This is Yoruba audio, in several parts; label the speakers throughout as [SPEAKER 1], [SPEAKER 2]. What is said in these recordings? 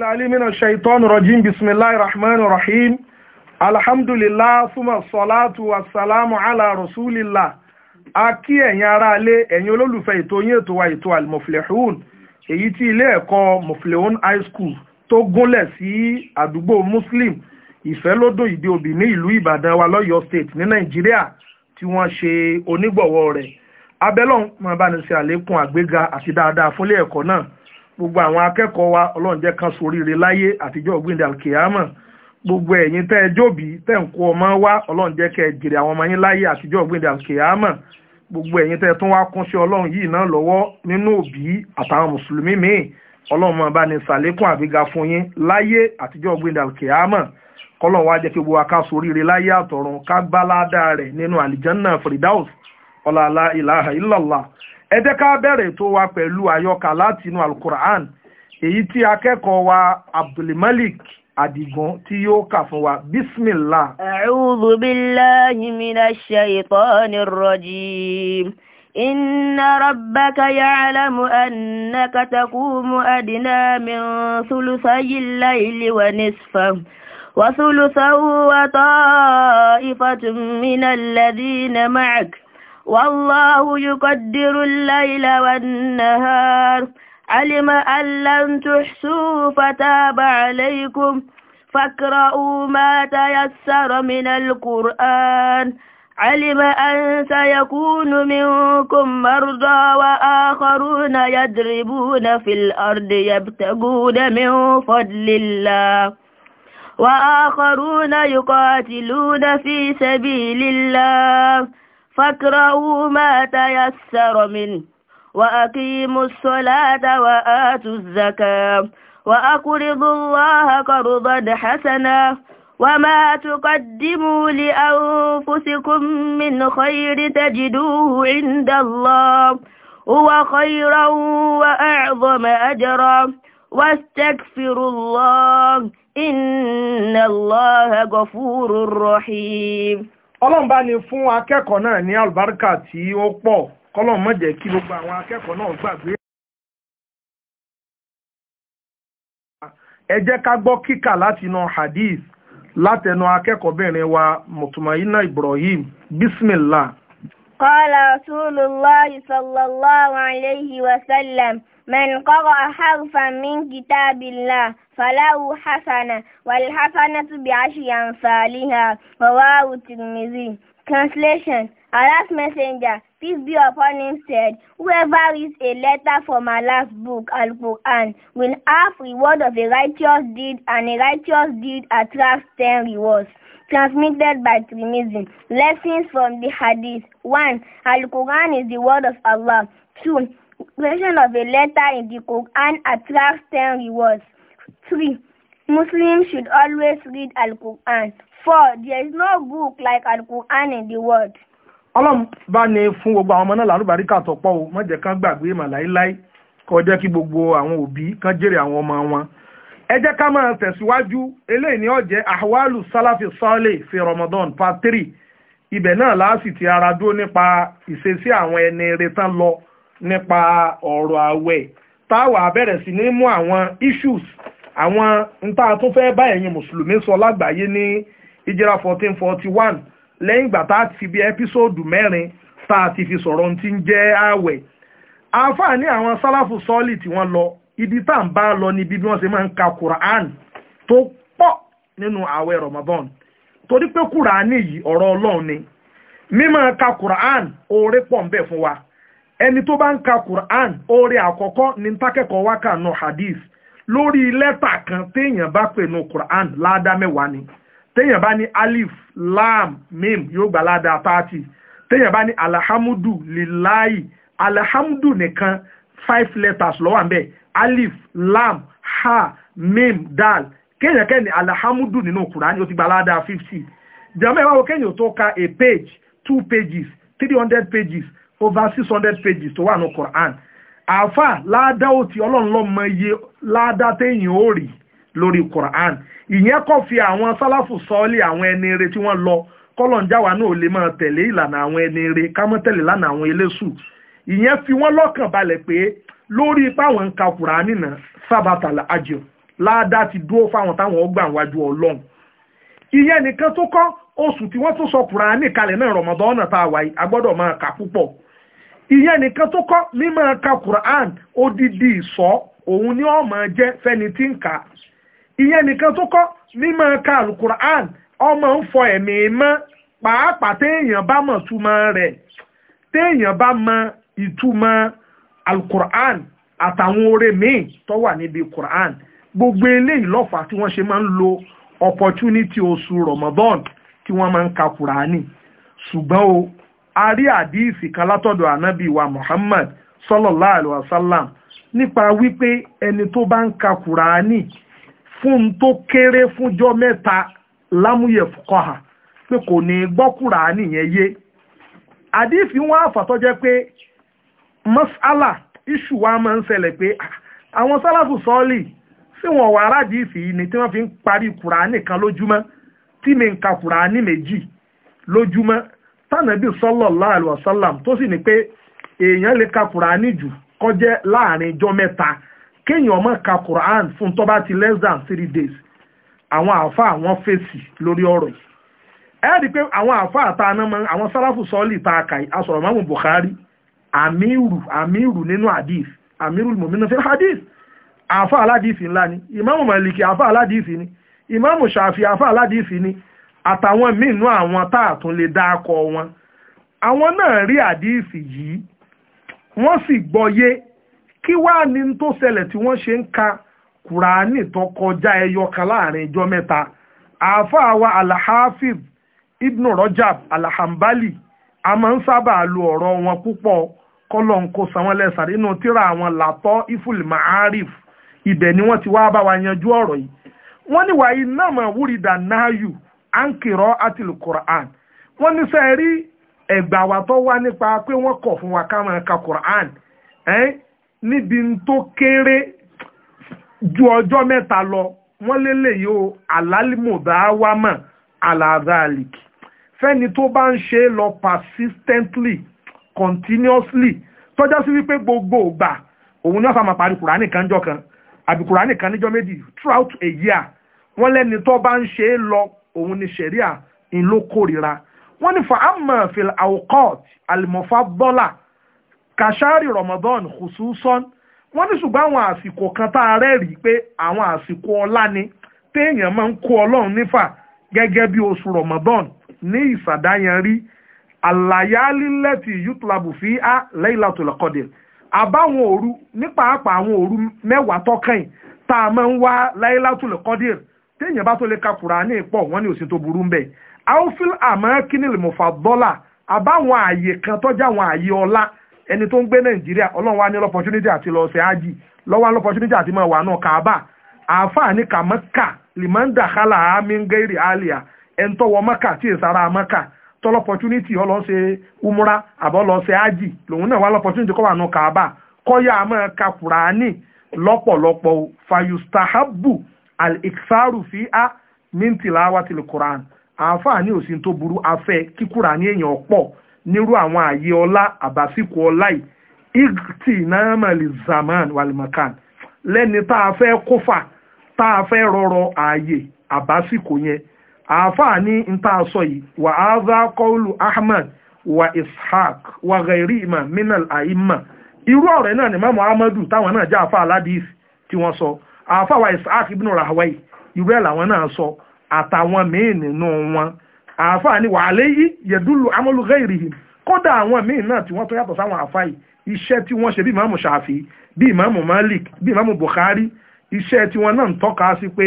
[SPEAKER 1] العليم من الشيطان الرجيم بسم الله الرحمن الرحيم الحمد لله ثم الصلاة والسلام على رسول الله akí ẹ̀yin ará ilé ẹ̀yin olólùfẹ́ ètò yín ètò wa ètò almoflehun èyí tí ilé ẹ̀kọ́ moflehun high school tó gúnlẹ̀ sí àdúgbò muslim ìfẹ́lódùn ìdí òbí ní ìlú ìbàdàn wa lọ́yọ̀ọ́ state ní nàìjíríà tí wọ́n ṣe onígbọ̀wọ́ rẹ̀ abẹ́lọ́n máa bá ní ṣe àlékún àgbéga àti dáadáa fúnlé ẹ̀kọ́ náà gbogbo àwọn akẹ́kọ̀ọ́ wa ọlọ́run jẹ́ kan soríire láyé àtijọ́ ògbìndà kìámà gbogbo ẹ̀yin tẹ́ ẹ jóbi tẹ́ ń kó ọmọ wá ọlọ́run jẹ́ kẹ́ ẹ jèrè àwọn ọmọ yín láyé àtijọ́ ògbìndà kìámà gbogbo ẹ̀yin tẹ́ tún wá kún sí ọlọ́run yìí náà lọ́wọ́ nínú òbí àtàwọn mùsùlùmí míì ọlọ́run máa bá ní sàlékún àbíga fún yín láyé àtijọ́ ògbìndà kìámà kọ́lọ́n wá jẹ́ kí gbogbo ẹ jẹ́ ká bẹ̀rẹ̀ tó wa pẹ̀lú àyọkà láti inú alukur'an èyí tí akẹ́kọ̀ọ́ wa abdulmalik Adigun tí yóò kà fún wa bísmìlá.
[SPEAKER 2] A'udhu billahi minash shaitanir rajim. إن ربك يعلم أنك تقوم أدنى من ثلثي الليل ونصفه وثلثه وطائفة من الذين معك والله يقدر الليل والنهار علم أن لن تحسوا فتاب عليكم فاقرؤوا ما تيسر من القرآن علم أن سيكون منكم مرضى وآخرون يضربون في الأرض يبتغون من فضل الله وآخرون يقاتلون في سبيل الله فاكرهوا ما تيسر منه وأقيموا الصلاة وآتوا الزكاة وأقرضوا الله قرضا حسنا وما تقدموا لأنفسكم من خير تجدوه عند الله هو خيرا وأعظم أجرا واستغفروا الله إن الله غفور رحيم
[SPEAKER 1] ọlọ́run bá fún akẹ́kọ̀ọ́ náà ní àlùbáríkà tí ó pọ̀ kọ́lọ́run má jẹ́ kí gbogbo àwọn akẹ́kọ̀ọ́ náà gbàgbé. ẹ jẹ́ ká gbọ́ kíkà láti inú hadith látẹnu akẹ́kọ̀ọ́bìnrin wa mutumayina Ibrahim bismillah.
[SPEAKER 2] قال رسول الله صلى الله عليه وسلم من قرأ حرفا من كتاب الله فله حسنة والحسنة بعشر أمثالها رواه الترمذي Translation last messenger, peace be upon him, said, Whoever reads a letter from last book, Al-Quran, will have reward of a righteous deed, and a righteous deed attracts ten rewards transmitted by Trimism. Lessons from the Hadith. 1. Al-Quran is the word of Allah. 2. Creation of a letter in the Quran attracts 10 rewards. 3. Muslims should always read Al-Quran. 4. There is no book like Al-Quran in the world.
[SPEAKER 1] Ọlọ́run bá ní fún gbogbo àwọn ọmọ náà lálùbáríkà tọ́pọ̀ o, má gbàgbé màláíláí, kó kí gbogbo àwọn òbí kán jèrè àwọn ọmọ wọn ẹ jẹ́ ká máa tẹ̀síwájú eléyìí ni ó jẹ́ ahwalu salafi sọ́ọ̀lẹ̀ fi Ramadan part three ibẹ̀ náà láàsì ti ara dúró nípa ìṣesí àwọn ẹni retán lọ nípa ọ̀rọ̀ àwẹ̀ táwa bẹ̀rẹ̀ sí ní mú àwọn issues àwọn nta tó fẹ́ bá ẹ̀yin mùsùlùmí sọ lágbàáyé ní ìjìrà fourteen forty one lẹ́yìn ìgbà tá a ti bí ẹ́písòdù mẹ́rin tá a ti fi sọ̀rọ̀ ti ń jẹ́ àwẹ̀ àǹfààní àwọn sálàfù sọ́ọ̀lì tí wọ́n lọ ibi tá à ń bá lọ níbi bí wọ́n ṣe máa ń ka Quran tó pọ̀ nínú ààwẹ̀ Ramadan torí pé Quran yìí ọ̀rọ̀ Ọlọ́run ni mímọ̀ ka Quran oore pọ̀ ń fún wa ẹni tó bá ń ka Quran oore àkọ́kọ́ ní tákẹ́kọ̀ọ́ wákà nù hadith lórí lẹ́tà kan téèyàn bá pè nù Quran ládàá mẹ́wàá ni téèyàn bá ní alif lam mim yóò gbà ládàá tààtì téèyàn bá ní alhamdu lilayi alhamdu nìkan five letters ló wà ńbẹ̀ alif lam ha mim dal kéèyàn kẹ́ni alhamdu nínú kùránì ó ti gba aládàá fifty jẹ́mọ́ ẹ wá wo tó ka a page two pages three hundred pages over six hundred pages tó wà ní kùránì àáfà ládàá ó ti ọlọ́run ló mọ iye ládàá téèyàn ó rí lórí quran ìyẹn kọ́ fi àwọn sálàfù sọ́ọ́lì àwọn ẹni eré tí wọ́n lọ kọ́lọ̀njáwa náà lè máa tẹ̀lé ìlànà àwọn ẹni eré ká mọ́ tẹ̀lé lánà àwọn eléṣù ìyẹn fi wọ́n lọ́kàn balẹ̀ pé lórí páwọn ń ka kùránì náà sábàtàlà àjò ládàá ti dúró fáwọn táwọn ọgbà wájú ọlọ́run ìyẹn nìkan tó kọ́ oṣù tí wọ́n tún sọ kùránì kalẹ̀ náà rọ̀mọ̀dán ọ̀nà tá a wáyé a gbọ́dọ̀ máa kà púpọ̀ ìyẹn nìkan tó kọ́ mímọ́ ka kùrán odidi ìsọ́ òun ni ọmọ jẹ́ fẹ́ni tí ń kà ìyẹn nìkan tó kọ́ mímọ́ ka alukur'an ọmọ ń fọ ẹ̀mí mọ́ pàápàá téèyàn bá mọ̀ túmọ̀ rẹ̀ téèyàn bá mọ̀ ìtumọ̀ alukur'an àtàwọn oore míì tó wà níbi kur'an gbogbo eléyìí lọ́fà tí wọ́n ṣe máa ń lo opportunity oṣù Ramadan tí wọ́n máa ń ka kur'ani ṣùgbọ́n o a rí àdíìsì kan látọ̀dọ̀ ànábì wa Muhammad sallallahu alaihi wasallam nípa wípé ẹni tó bá ń ka kur'ani fún tó kéré fúnjọ́ mẹ́ta lámúyẹ̀ fúkọ́hà pé kò ní gbọ́ kur'ani yẹn yé àdíìsì wọn àfàtọ́jẹ́ pé mas'ala iṣu wa máa ń ṣẹlẹ̀ pé ah, àwọn sálàfù sọ́ọ̀lì sí wọn wà aládìísì yìí ni tí wọ́n fi ń parí kùránì kan lójúmọ́ tí mi ń ka kùránì méjì lójúmọ́ tànàbí sallallahu alaihi wasallam tó sì ní pé èèyàn lè ka kùránì jù kọjẹ́ láàrin ijọ́ mẹ́ta kéèyàn má ka kùránì fún tó bá ti less than three days àwọn àáfà àwọn fèsì lórí ọ̀rọ̀ yìí ẹ rí i pé àwọn àáfà àtàwọn àwọn sálàfù sọ́ọ̀lì tá a kà yìí amiru amiru nínú hadith amiru mọ̀mínú fẹ́ hadith àfà aládìsí ńlá ni ìmáàmù màlìkì àfà aládìsí ni ìmáàmù ṣàfi àfà aládìsí ni àtàwọn míì nú àwọn tá a tún lè dá akọ wọn àwọn náà rí hadith yìí wọ́n sì gbọ́yé kí wàá ní tó ṣẹlẹ̀ tí wọ́n ṣe ń ka kùránì tó kọjá ẹyọ kan láàrin ìjọ mẹ́ta àfà wa alhafiz ibn rajab alhambali a máa ń sábà lo ọ̀rọ̀ wọn púpọ̀ kọ́lọ̀ ń kó sanwó lẹ́sàn inú tíra àwọn làtọ́ iful arif ibẹ̀ ni wọ́n ti wá bá wa yanjú ọ̀rọ̀ yìí wọ́n ní wàyí náà mà wúrida náàyù ànkìrọ́ àtìlù quran wọ́n ní sẹ́ rí ẹ̀gbà wa tó wá nípa pé wọ́n kọ̀ fún wa ká máa ka quran níbi tó kéré ju ọjọ́ mẹ́ta lọ wọ́n lélẹ̀ lélẹ̀yìí o àlálìmọ̀dáwámà àlàdáàlìkì fẹ́ni tó bá ń ṣe é lọ persistently continuously tọ́já sí wípé gbogbo ìgbà òun ni wọ́n fàmà parí kùránì kan jọ kan àbí kùránì kan níjọ méjì throughout a year wọ́n lẹ́ni tó bá ń ṣe é lọ òun ni ṣẹ̀ríà ń ló kórira wọ́n ní fàámà fil awqat alimọ̀fà bọ́là kàṣárì ramadan khususan wọ́n ní ṣùgbọ́n àwọn àsìkò kan tá a rẹ́rìí pé àwọn àsìkò ọlá ni téèyàn máa ń kó ọlọ́run nífà gẹ́gẹ́ bí oṣù ramadan ní ìsàdáyanrí àlàyálí lẹ́tì yútùlábù fi á laylatul qadr àbáwọn òru ní pàápàá àwọn òru mẹ́wàá tọ́kàn tá a máa ń wá laylatul qadr téèyàn bá tó lè ka Kùránì pọ̀ wọ́n ní òsì tó burú ń bẹ̀. àwòfíl àmọ́ kínìlì mọ̀fà dọ́là àbáwọn ààyè kan tọ́jà àwọn ààyè ọlá ẹni tó ń gbé Nàìjíríà ọlọ́run wa ní lọ́pọ̀túnítì àti lọ́ọ̀sẹ̀ ájì lọ́wọ́ lọ́pọ̀túnítì àti máa wà náà kàábà àfààní kàmọ́kà lìmọ́ndà kálà ámíngẹ́rì àlìyà tọ́lọ́pọ̀túnítì ọ lọ ṣe umra àbọ̀ lọ ṣe ájì lòun náà wá lọ́pọ̀túnítì kọ́ wà nù kàábà kọ́yà àmọ́ ka kùránì lọ́pọ̀lọpọ̀ fayustahabu al-iksaru fi a mintìláwá tìlù kùránì àǹfààní òsì tó burú afẹ́ kí kùránì èèyàn pọ̀ nírú àwọn ààyè ọlá àbásíkò ọlá yìí ìtì náà mọ̀lì zaman walimakan lẹ́ni tá a fẹ́ kófà tá a fẹ́ rọrọ ààyè àbásíkò yẹn àáfàá ní nta sọ yìí wà á zá kọ́ọ̀lù ahmad wà ishaq wà gẹ̀rí ìmà minal àìmà irú ọ̀rẹ́ náà ni mọ́mọ́ ahmadu táwọn náà jẹ́ àáfàá aládìs tí wọ́n sọ àáfàá wà ishaq ibn rahawai irú ẹ̀ làwọn náà sọ àtàwọn míì nínú wọn àáfàá ní wà á léyìí yẹ̀dúlù amọ́lù gẹ̀rí yìí kódà àwọn míì náà tí wọ́n tó yàtọ̀ sáwọn àáfàá yìí iṣẹ́ tí wọ́n ṣe bí ìmáàmù ṣàfi bí malik bí ìmáàmù bukhari iṣẹ́ tí wọ́n náà ń tọ́ka sí pé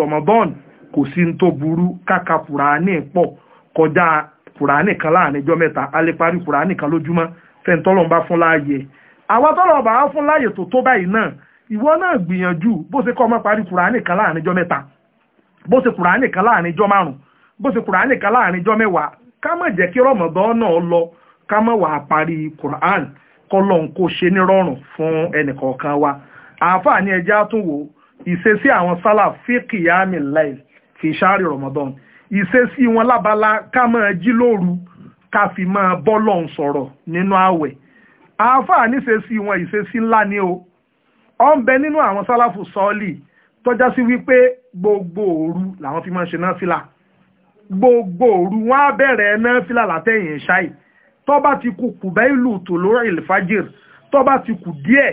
[SPEAKER 1] ramadan kò sí ní tó burú káka kùránì pọ̀ kọjá kùránì kan láàrin ọjọ́ mẹ́ta a lè parí kùránì kan lójúmọ́ fẹ́ntọ́lọ́n bá fún láàyè àwọn tọ́lọ̀ bá fún láàyè tó tó báyìí náà ìwọ náà gbìyànjú bó ṣe kọ́ ọmọ parí kùránì kan láàrin ọjọ́ mẹ́ta bó ṣe kùránì kan láàrin ọjọ́ márùn bó ṣe kùránì kan láàrin ọjọ́ mẹ́wàá ká má jẹ́ kí rọ̀mọ̀dán náà lọ ká àwọn sálà fíkì yáàmì láìl fi ṣáàrì rọmọdán ìṣesí wọn lábala ká máa jí lóru ká fi máa bọ́ lọ́hùn sọ̀rọ̀ nínú ààwẹ̀ àáfàá níṣesí wọn ìṣesí ńlá ni o ọ ń bẹ nínú àwọn sálàfù sọ́ọ̀lì tọ́já sí wípé gbogbo òru làwọn fi máa ń ṣe náà fìlà gbogbo òru wọn á bẹ̀rẹ̀ náà fìlà látẹ̀yìn ṣáì tó bá ti kú kùbẹ́ ìlú tó lórí ìlfàjìr tó bá ti kù díẹ̀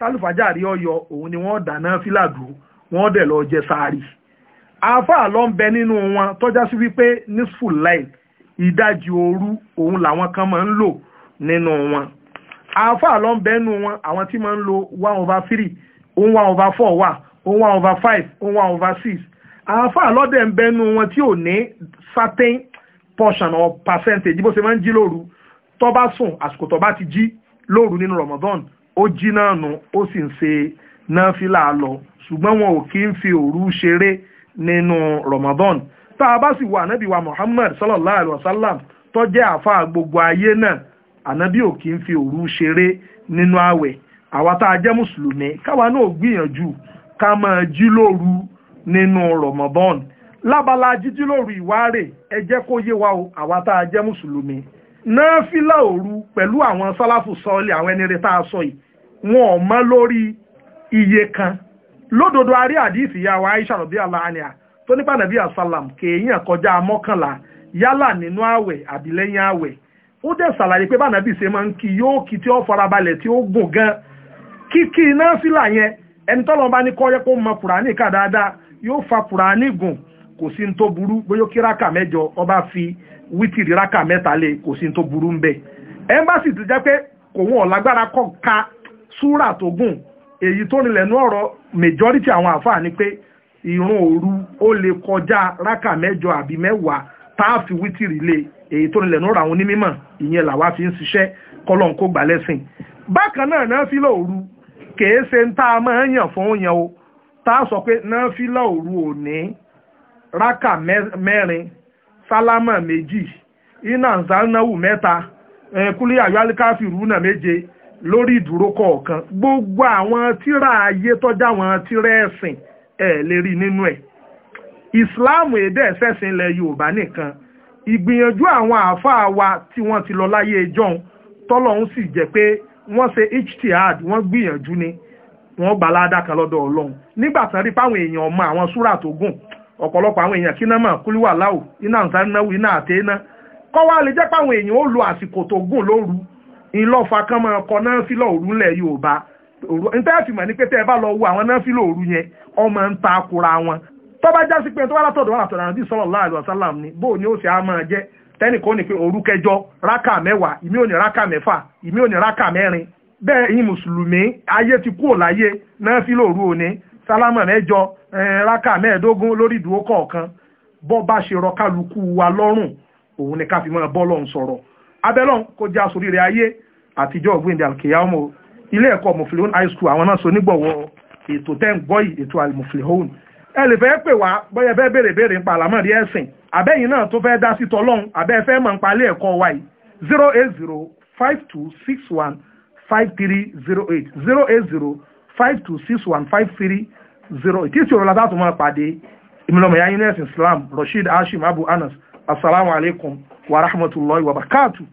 [SPEAKER 1] tálùfàjà rí ọyọ òun ni wọ́n dáná fìlà dùn wọ́n dẹ̀ lọ jẹ sáárì àáfàá ló ń bẹ nínú wọn tọ́já sí wípé nisful layl ìdajì òru òun làwọn kan máa ń lò nínú wọn àáfàá ló ń bẹ nínú wọn àwọn tí máa ń lo one over three òun one over four wà òun one over five òun one over six àáfàá lọ́dẹ̀ ń bẹ nínú wọn tí ò ní certain portion or percentage bó ṣe máa ń jí lóru tó bá sùn àsìkò tó bá ti jí lóru nínú Ramadan ó jí náà nù ó sì ń ṣe náà fi là á lọ ṣùgbọ́n wọn ò kí ń fi òru ṣeré nínú Ramadan tá a bá sì wo ànábì wa Muhammad sallallahu alaihi wa sallam tó jẹ́ àfa gbogbo ayé náà ànábì ò kì í fi òru ṣeré nínú ààwẹ̀ àwa tá a jẹ́ mùsùlùmí káwa náà gbìyànjú ká máa jí lóru nínú Ramadan lábala jíjí lóru ìwárè ẹ jẹ́ kó yé wa o àwa tá a jẹ́ mùsùlùmí náfìlà òru pẹ̀lú àwọn sálàfù sọ́ọ̀lì àwọn ẹni rẹ̀ tá a sọ yìí wọn ò mọ lórí iye kan lódodo arí àdìsí ya wa aisha rọ̀bí aláàánìá tó nípa nàbí asalam kéèyàn kọjá mọ́kànlá yálà nínú àwẹ̀ àbí àwẹ̀ ó dẹ̀ ṣàlàyé pé bánàbí ṣe máa ń kí yóò kí tí ó farabalẹ̀ tí ó gùn ẹni tọ́lọ́ bá ní kọ́yẹ́ kó mọ kà fa gùn kò sí tó burú bóyá ọba fi wítìrì mẹ́ta lé kò sí tó burú ń bẹ̀ ẹ̀ ń bá sì èyí tó nílẹ̀ nú ọ̀rọ̀ majority àwọn àfáà pé ìrun òru ó lè kọjá rákà mẹ́jọ àbí mẹ́wàá táàfì wítìrì lé èyí tó nílẹ̀ nú ọ̀rọ̀ àwọn onímọ̀ ìyẹn làwa fi ń ṣiṣẹ́ kọ́lọ́n kó gbà lẹ́sìn bákan náà náfìlà òru kèé ṣe ń tá a fún o tá a sọ pé náfìlà òru òní rákà mẹ́rin sálámà méjì iná nzánáwù mẹ́ta kúlíyàwó alikáfì rúnà méje lórí ìdúró kọ̀ọ̀kan gbogbo àwọn tíra ayé tọ́já àwọn tíra ẹ̀sìn ẹ̀ lè rí nínú ẹ̀ ìsìláàmù èdè ẹ̀sẹ̀sìn ilẹ̀ yorùbá nìkan ìgbìyànjú àwọn àáfàá wa tí wọ́n ti lọ láyé ìjọ́un tọ́lọ́hún sì jẹ́ pé wọ́n ṣe htr wọ́n gbìyànjú ni wọ́n gbà ládàá kan lọ́dọ̀ ọlọ́run nígbà tán rí èèyàn ọmọ àwọn súrà tó gùn ọ̀pọ̀lọpọ̀ àwọn èèyàn kíná mọ̀ iná iná àtẹ́ná lo àsìkò tó gùn lóru ìlọ́fà kan máa kọ náfìlà òru ńlẹ̀ lọ wo àwọn náfìlà òru yẹn ọmọ ń ta kura wọn pé látọ̀dọ̀ wọn àtọ̀dọ̀ ni bó ni ó sì á máa jẹ́ tẹ́nìkan pé òru kẹjọ rákà mẹ́wàá ìmí ò rákà mẹ́fà ìmí ò rákà mẹ́rin bẹ́ẹ̀ yín mùsùlùmí ayé ti kúrò láyé náfìlà òru òní sálámà mẹ́jọ rákà mẹ́ẹ̀ẹ́dógún lórí ìdúró kọ̀ọ̀kan bọ́ bá ṣe rọ kálukú wa lọ́rùn òun abẹ́lọ́n kò já sórí rẹ̀ ayé àtijọ́ ọ̀gbìndì alkeyamo ilé ẹ̀kọ́ muflihun high school àwọn náà sonígbọ̀wọ́ ètò ten boy ètò almuflihun ẹ lè fẹ́ pè wá bóyá fẹ́ béèrè béèrè ń pa àlámọ̀rí ẹ̀sìn abẹ́yìn náà tó fẹ́ dá sí tọ́lọ́hún abẹ́ fẹ́ mọ̀ ń pa ẹ̀kọ́ wa yìí zero eight zero five two six one five three zero eight zero eight zero five two six one five three zero eight tí ìṣòro látàtúmọ̀ pàdé ìmìlọ́mọ̀ yáyín ẹ̀sìn Islam Rasheed Hashim Abu Anas asalaamualeykum. wa rahmatullahi wa barakatuh.